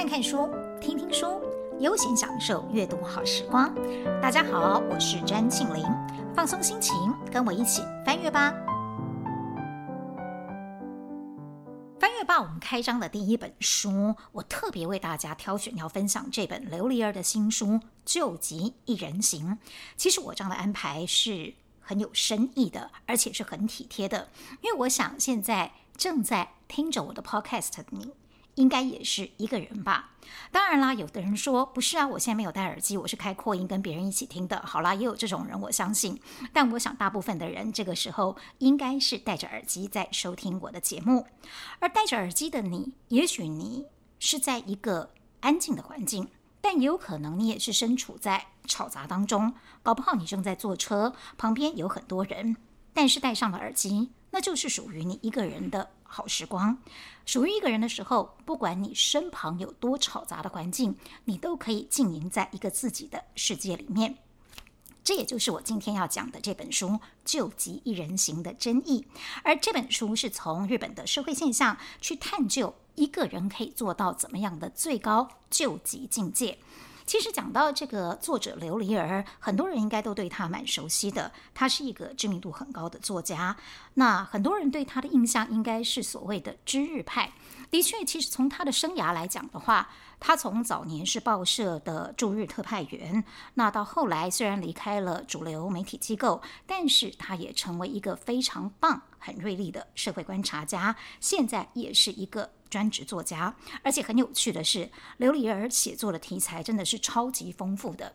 看看書，聽聽書，悠閒享受閱讀好時光。大家好，我是詹慶齡，放鬆心情，跟我一起翻閱吧。翻閱吧，我們開張的第一本書，我特別為大家挑選要分享這本劉黎兒的新書《究極一人行》。其實我這樣的安排是很有深意的，而且是很體貼的，因為我想現在正在聽着我的 podcast 的你。應該也是一個人吧。當然啦，有的人說不是啊，我現在沒有戴耳機，我是開擴音跟別人一起聽的。好啦，也有這種人，我相信。但我想，大部分的人這個時候應該是戴着耳機在收聽我的節目。而戴着耳機的你，也許你是在一個安靜的環境，但也有可能你也是身處在吵雜當中，搞不好你正在坐車，旁邊有很多人，但是戴上了耳機。那就是屬於你一個人的好時光，屬於一個人的時候，不管你身旁有多嘈雜的環境，你都可以經營在一個自己的世界裡面。這也就是我今天要講的這本書《究極一人行》的真意。而這本書是從日本的社會現象去探究一個人可以做到怎麼樣的最高究極境界。其實講到這個作者劉黎兒，很多人應該都對他蠻熟悉的。他是一個知名度很高的作家。那很多人對他的印象應該是所謂的知日派。的確，其實從他的生涯來講的話，他從早年是報社的駐日特派員，那到後來雖然離開了主流媒體機構，但是他也成為一個非常棒、很銳利的社會觀察家。現在也是一個。專職作家，而且很有趣的是，劉黎兒寫作的題材真的是超級豐富的。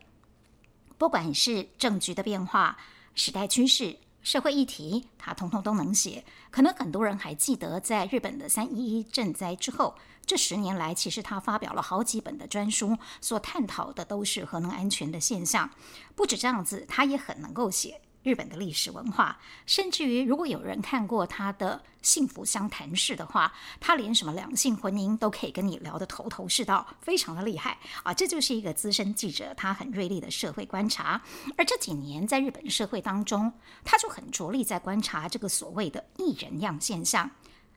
不管是政局的變化、時代趨勢、社會議題，他通通都能寫。可能很多人還記得，在日本的三一一震災之後，這十年來其實他發表了好幾本的專書，所探討的都是核能安全的現象。不止這樣子，他也很能夠寫日本的歷史文化，甚至於如果有人看過他的《幸福相談室》的話，他連什麼兩性婚姻都可以跟你聊得頭頭是道，非常的厲害啊！這就是一個資深記者，他很銳利的社會觀察。而這幾年在日本社會當中，他就很着力在觀察這個所謂的“一人樣”現象。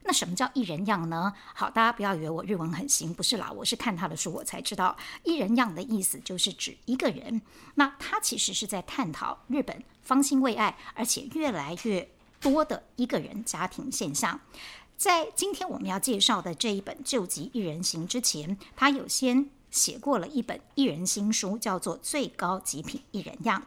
那什麼叫一人樣呢？好，大家不要以為我日文很行，不是啦，我是看他的書我才知道一人樣的意思就是指一個人。那他其實是在探討日本方興未艾而且越來越多的一個人家庭現象。在今天我們要介紹的這一本究極一人行之前，他有先寫過了一本一人新書，叫做最高級品一人樣。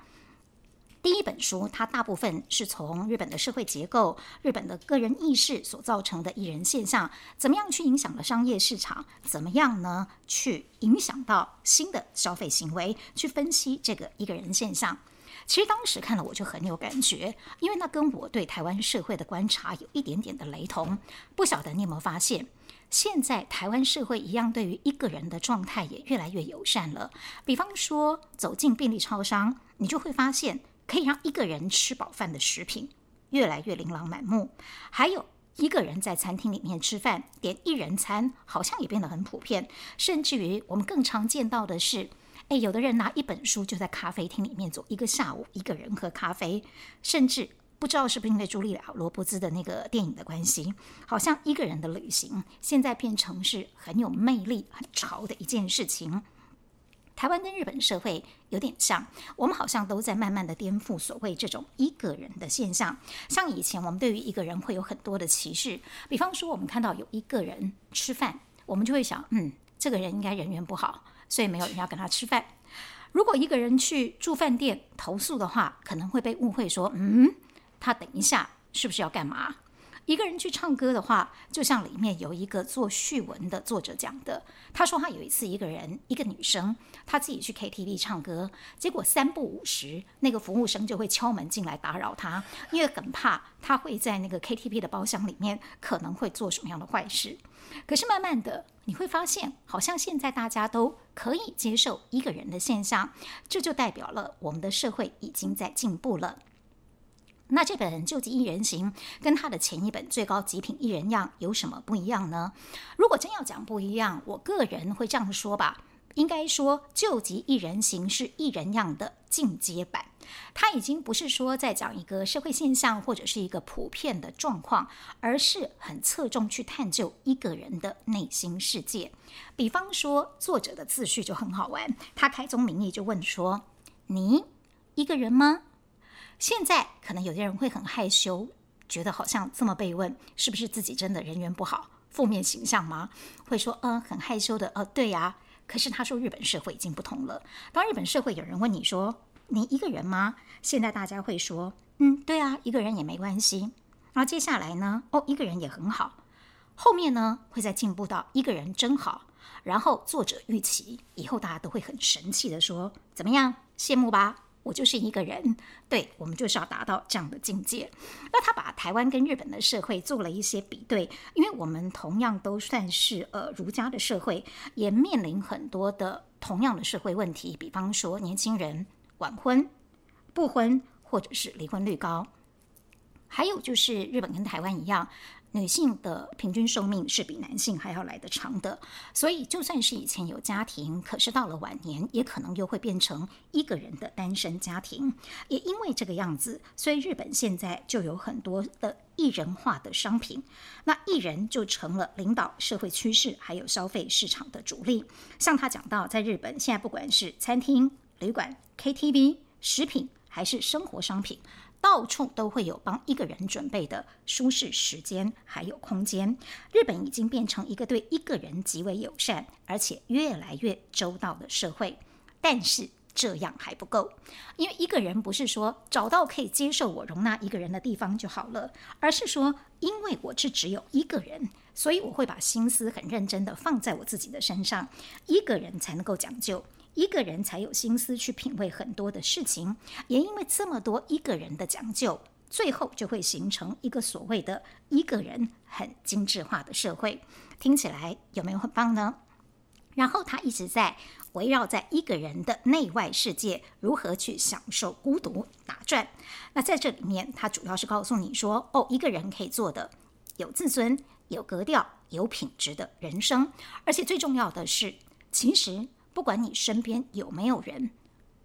第一本書，它大部分是從日本的社會結構、日本的個人意識所造成的“一人現象”怎麼樣去影響了商業市場？怎麼樣呢？去影響到新的消費行為？去分析這個“一個人現象”。其實當時看了我就很有感覺，因為那跟我對台灣社會的觀察有一點點的雷同。不曉得你有沒有發現，現在台灣社會一樣，對於一個人的狀態也越來越友善了。比方說，走進便利超商，你就會發現。可以讓一個人吃飽飯的食品越來越琳琅滿目還有一個人在餐廳裡面吃飯點一人餐，好像也變得很普遍。甚至於我們更常見到的是，哎，有的人拿一本書就在咖啡廳裡面坐一個下午，一個人喝咖啡。甚至不知道是不是因為茱莉亞羅伯茲的那個電影的關係，好像一個人的旅行現在變成是很有魅力、很潮的一件事情。台灣跟日本社會有點像，我們好像都在慢慢的顛覆所謂這種一個人的現象。像以前，我們對於一個人會有很多的歧視，比方說，我們看到有一個人吃飯，我們就會想，嗯，這個人應該人緣不好，所以沒有人要跟他吃飯。如果一個人去住飯店投訴的話，可能會被誤會說，嗯，他等一下是不是要幹嘛？一個人去唱歌的話，就像裡面有一個做序文的作者講的，他說他有一次一個人，一個女生，她自己去 KTV 唱歌，結果三不五時，那個服務生就會敲門進來打擾她，因為很怕她會在那個 KTV 的包廂裡面可能會做什麼樣的壞事。可是慢慢的你會發現，好像現在大家都可以接受一個人的現象，這就代表了我們的社會已經在進步了。那這本《究極一人行》跟他的前一本《最高極品一人樣》有什麼不一樣呢？如果真要講不一樣，我個人會這樣說吧，應該說《究極一人行》是《一人樣》的進階版，他已經不是說在講一個社會現象或者是一個普遍的狀況，而是很側重去探究一個人的內心世界。比方說，作者的自序就很好玩，他開宗明義就問說：“你一個人嗎？”現在可能有些人會很害羞，覺得好像這麼被問，是不是自己真的人緣不好，負面形象嗎？會說嗯、呃，很害羞的。呃，對呀、啊。可是他說日本社會已經不同了。當日本社會有人問你說你一個人嗎？現在大家會說嗯，對啊，一個人也沒關係。然後接下來呢，哦，一個人也很好。後面呢會再進步到一個人真好。然後作者預期以後大家都會很神氣的說，怎麼樣，羨慕吧。我就是一個人，對，我們就是要達到這樣的境界。那他把台灣跟日本的社會做了一些比對，因為我們同樣都算是呃儒家的社會，也面臨很多的同樣的社會問題，比方說年輕人晚婚、不婚或者是離婚率高，還有就是日本跟台灣一樣。女性的平均壽命是比男性還要來得長的，所以就算是以前有家庭，可是到了晚年，也可能又會變成一個人的單身家庭。也因為這個樣子，所以日本現在就有很多的一人化的商品，那一人就成了領導社會趨勢還有消費市場的主力。像他講到，在日本現在不管是餐廳、旅館、KTV、食品還是生活商品。到處都會有幫一個人準備的舒適時間，還有空間。日本已經變成一個對一個人極為友善，而且越來越周到的社會。但是這樣還不夠，因為一個人不是說找到可以接受我容納一個人的地方就好了，而是說，因為我是只有一個人，所以我會把心思很認真的放在我自己的身上，一個人才能夠講究。一個人才有心思去品味很多的事情，也因為這麼多一個人的講究，最後就會形成一個所謂的一個人很精緻化的社會。聽起來有沒有很棒呢？然後他一直在圍繞在一個人的內外世界如何去享受孤獨打轉。那在這裡面，他主要是告訴你說：“哦，一個人可以做的有自尊、有格調、有品質的人生。而且最重要的是，其實。”不管你身邊有沒有人，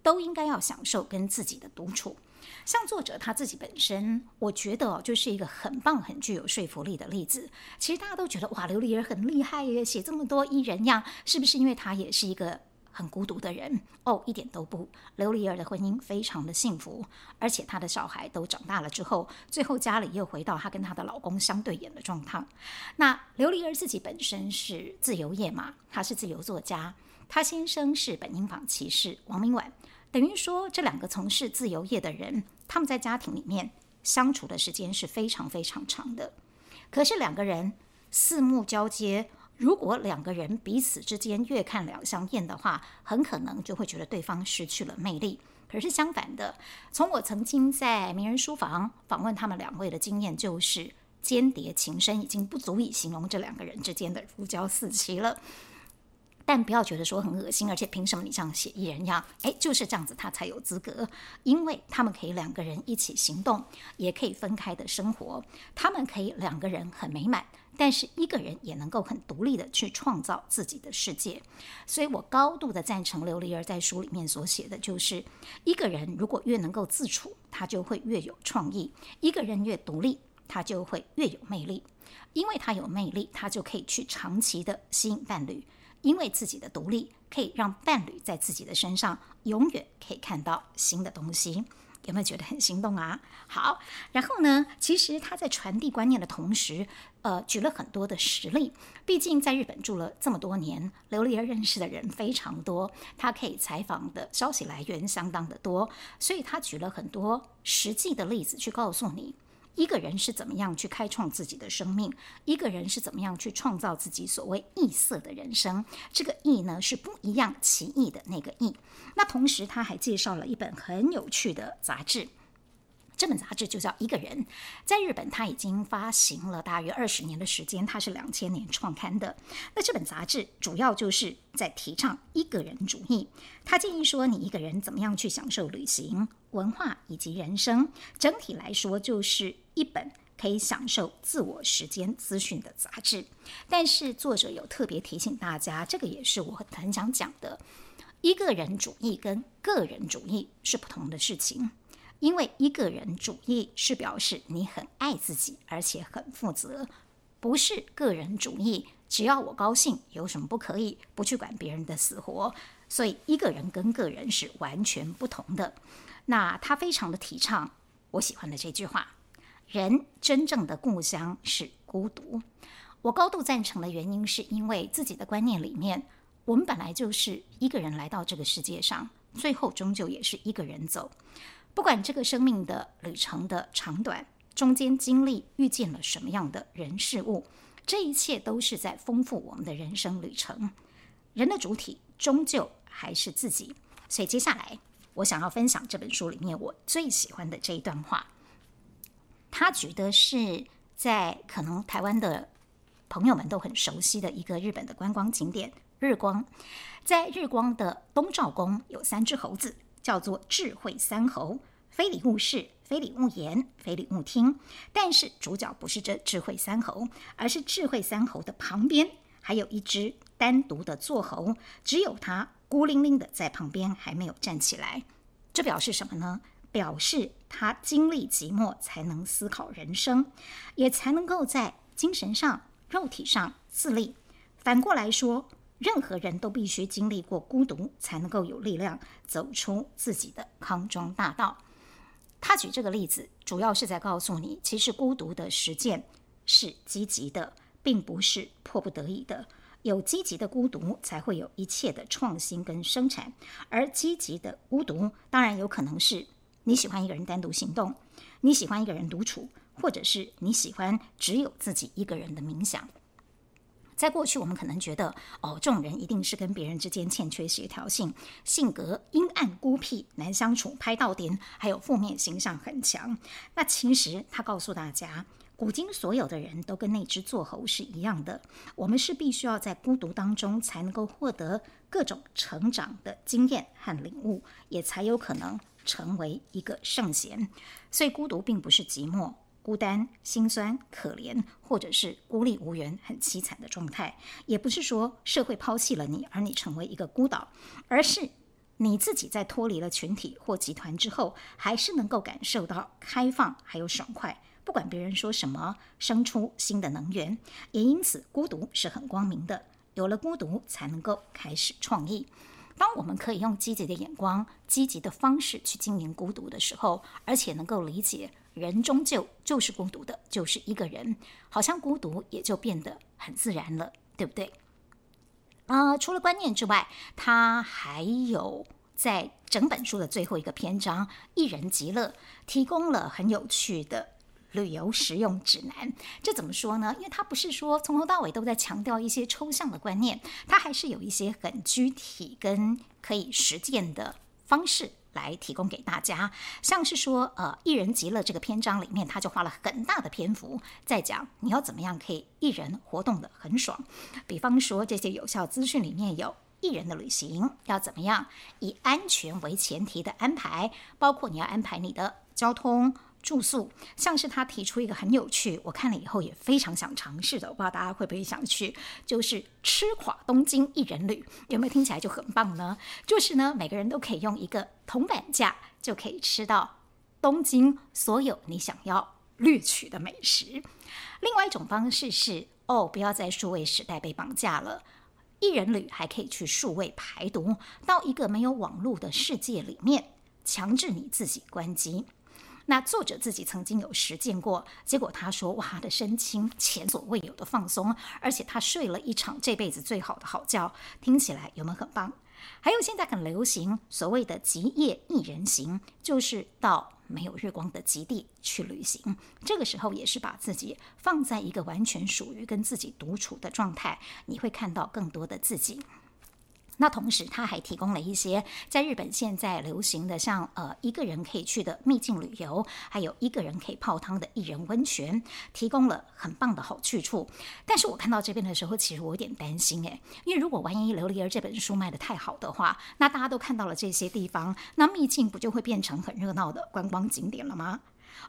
都應該要享受跟自己的獨處。像作者他自己本身，我覺得哦，就是一個很棒，很具有說服力的例子。其實大家都覺得哇，劉黎兒很厲害耶，寫這麼多一人樣，是不是因為她也是一個很孤獨的人？哦，一點都不。劉黎兒的婚姻非常的幸福，而且他的小孩都長大了之後，最後家裡又回到他跟他的老公相對眼的狀態。那劉黎兒自己本身是自由業嘛，他是自由作家。他先生是本因坊棋士王銘琬，等於說，這兩個從事自由業的人，他們在家庭裡面相處的時間是非常非常長的。可是兩個人四目交接，如果兩個人彼此之間越看兩相厭的話，很可能就會覺得對方失去了魅力。可是相反的，從我曾經在名人書房訪問他們兩位的經驗，就是鶼鰈情深已經不足以形容這兩個人之間的如膠似漆了。但不要覺得說很噁心，而且憑什麼你這樣寫一人樣？誒，就是這樣子，他才有資格，因為他們可以兩個人一起行動，也可以分開的生活。他們可以兩個人很美滿，但是一個人也能夠很獨立的去創造自己的世界。所以我高度的贊成劉黎兒在書裡面所寫的，就是一個人如果越能夠自處，他就會越有創意；一個人越獨立，他就會越有魅力，因為他有魅力，他就可以去長期的吸引伴侶。因為自己的獨立，可以讓伴侶在自己的身上永遠可以看到新的東西，有沒有覺得很心動啊？好，然後呢，其實他在傳遞觀念的同時，呃，舉了很多的實例。畢竟在日本住了這麼多年，劉黎兒認識的人非常多，他可以採訪的消息來源相當的多，所以他舉了很多實際的例子去告訴你。一個人是怎麼樣去開創自己的生命？一個人是怎麼樣去創造自己所謂異色的人生？這個異呢，是不一樣、奇異的那個異。那同時他還介紹了一本很有趣的雜誌。這本雜誌就叫《一個人》。在日本，它已經發行了大約二十年的時間，它是兩千年創刊的。那這本雜誌主要就是在提倡一個人主義，他建議說你一個人怎麼樣去享受旅行、文化以及人生。整體來說，就是一本可以享受自我時間資訊的雜誌。但是作者有特別提醒大家，這個也是我很想講的：一個人主義跟個人主義是不同的事情。因為一個人主義是表示你很愛自己，而且很負責，不是個人主義。只要我高興，有什麼不可以？不去管別人的死活。所以一個人跟個人是完全不同的。那他非常的提倡，我喜歡的這句話：人真正的故鄉是孤獨。我高度贊成的原因，是因為自己的觀念裡面，我們本來就是一個人來到這個世界上，最後終究也是一個人走。不管這個生命的旅程的長短，中間經歷遇見了什麼樣的人事物，這一切都是在豐富我們的人生旅程。人的主體終究還是自己，所以接下來我想要分享這本書裡面我最喜歡的這一段話。他舉的是在可能台灣的朋友們都很熟悉的一個日本的觀光景點日光，在日光的東照宮有三隻猴子，叫做智慧三猴。非禮勿視，非禮勿言，非禮勿聽。但是主角不是這智慧三猴，而是智慧三猴的旁邊還有一隻單獨的坐猴，只有它孤零零的在旁邊還沒有站起來。這表示什麼呢？表示他經歷寂寞才能思考人生，也才能夠在精神上、肉體上自立。反過來說，任何人都必須經歷過孤獨，才能夠有力量走出自己的康莊大道。他舉這個例子，主要是在告訴你，其實孤獨的實踐是積極的，並不是迫不得已的。有積極的孤獨，才會有一切的創新跟生產。而積極的孤獨，當然有可能是你喜歡一個人單獨行動，你喜歡一個人獨處，或者是你喜歡只有自己一個人的冥想。在過去，我們可能覺得，哦，這種人一定是跟別人之間欠缺協調性，性格陰暗孤僻，難相處，拍到點，還有負面形象很強。那其實他告訴大家，古今所有的人都跟那只座猴是一樣的。我們是必須要在孤獨當中，才能夠獲得各種成長的經驗和領悟，也才有可能成為一個聖賢。所以，孤獨並不是寂寞。孤單、心酸、可憐，或者是孤立無援、很淒慘的狀態，也不是說社會拋棄了你，而你成為一個孤島，而是你自己在脫離了群體或集團之後，還是能夠感受到開放還有爽快，不管別人說什麼，生出新的能源。也因此，孤獨是很光明的，有了孤獨才能夠開始創意。當我們可以用積極的眼光、積極的方式去經營孤獨的時候，而且能夠理解。人終究就是孤獨的，就是一個人，好像孤獨也就變得很自然了，對不對？啊、呃，除了觀念之外，他還有在整本書的最後一個篇章《一人極樂》，提供了很有趣的旅遊實用指南。這怎麼說呢？因為他不是說從頭到尾都在強調一些抽象的觀念，他還是有一些很具體跟可以實踐的方式。來提供給大家，像是說，呃，一人極樂這個篇章裡面，他就花了很大的篇幅在講你要怎麼樣可以一人活動得很爽，比方說這些有效資訊裡面有，一人的旅行要怎麼樣以安全為前提的安排，包括你要安排你的交通。住宿，像是他提出一個很有趣，我看了以後也非常想嘗試的，我不知道大家會不會想去，就是吃垮東京一人旅，有沒有聽起來就很棒呢？就是呢，每個人都可以用一個銅板價就可以吃到東京所有你想要掠取的美食。另外一種方式是，哦，不要在數位時代被綁架了，一人旅還可以去數位排毒，到一個沒有網絡的世界裡面，強制你自己關機。那作者自己曾經有實踐過，結果他說：“哇，他的身心前所未有的放鬆，而且他睡了一場這輩子最好的好覺。”聽起來有沒有很棒？還有現在很流行所謂的極夜一人行，就是到沒有日光的極地去旅行。這個時候也是把自己放在一個完全屬於跟自己獨處的狀態，你會看到更多的自己。那同時，他還提供了一些在日本現在流行的像，像呃一個人可以去的秘境旅遊，還有一個人可以泡湯的一人溫泉，提供了很棒的好去處。但是我看到這邊的時候，其實我有點擔心誒，因為如果萬一劉黎兒這本書賣得太好的話，那大家都看到了這些地方，那秘境不就會變成很熱鬧的觀光景點了嗎？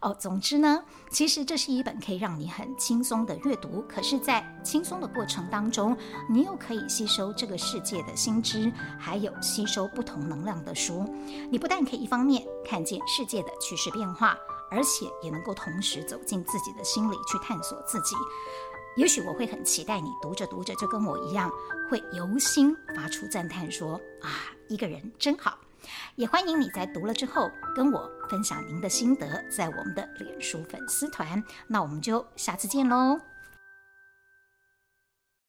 哦，總之呢，其實這是一本可以讓你很輕鬆的閱讀，可是，在輕鬆的過程當中，你又可以吸收這個世界的新知，還有吸收不同能量的書。你不但可以一方面看見世界的趨勢變化，而且也能夠同時走進自己的心裡去探索自己。也許我會很期待你讀着讀着就跟我一樣，會由心發出讚嘆說，說啊，一個人真好。也歡迎你在讀了之後跟我分享您的心得，在我們的臉書粉絲團。那我們就下次見嘍。